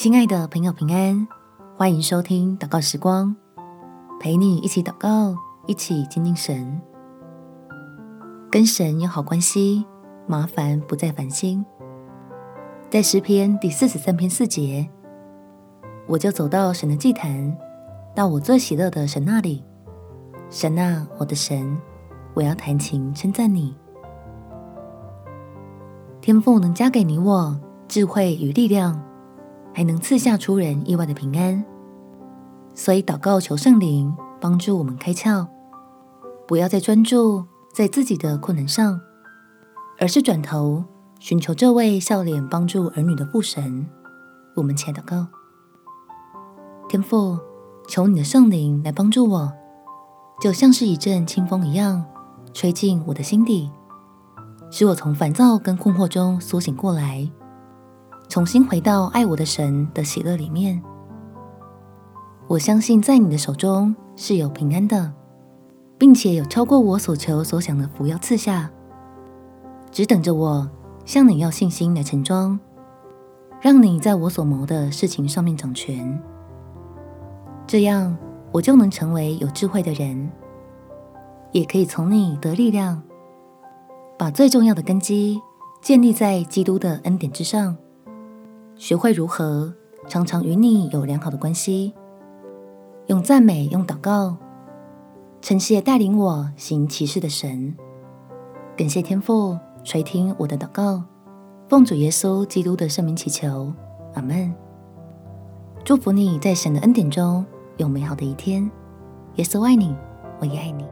親愛的朋友，平安，歡迎收聽禱告時光，陪你一起禱告，一起親近神，跟神有好關係，麻煩不再煩心。在詩篇第四十三篇四節，我就走到神的祭壇，到我最喜樂的神那裡。神啊，我的神，我要彈琴稱讚你。天父能加給你我智慧與力量。還能賜下出人意外的平安，所以禱告求聖靈幫助我們開竅，不要再專注在自己的困難上，而是轉頭尋求這位笑臉幫助兒女的父神。我們前禱告，天父，求你的聖靈來幫助我，就像是一陣清風一樣，吹進我的心底，使我從煩躁跟困惑中甦醒過來。重新回到愛我的神的喜樂裡面。我相信在你的手中是有平安的，並且有超過我所求所想的福要賜下，只等着我向你要信心來承裝，讓你在我所謀的事情上面掌權，這樣我就能成為有智慧的人，也可以從你得力量，把最重要的根基建立在基督的恩典之上。學會如何常常與你有良好的關係，用讚美，用禱告。稱謝帶領我行奇事的神，感謝天父垂聽我的禱告。奉主耶穌基督的聖名祈求，阿門。祝福你在神的恩典中有美好的一天。耶穌愛你，我也愛你。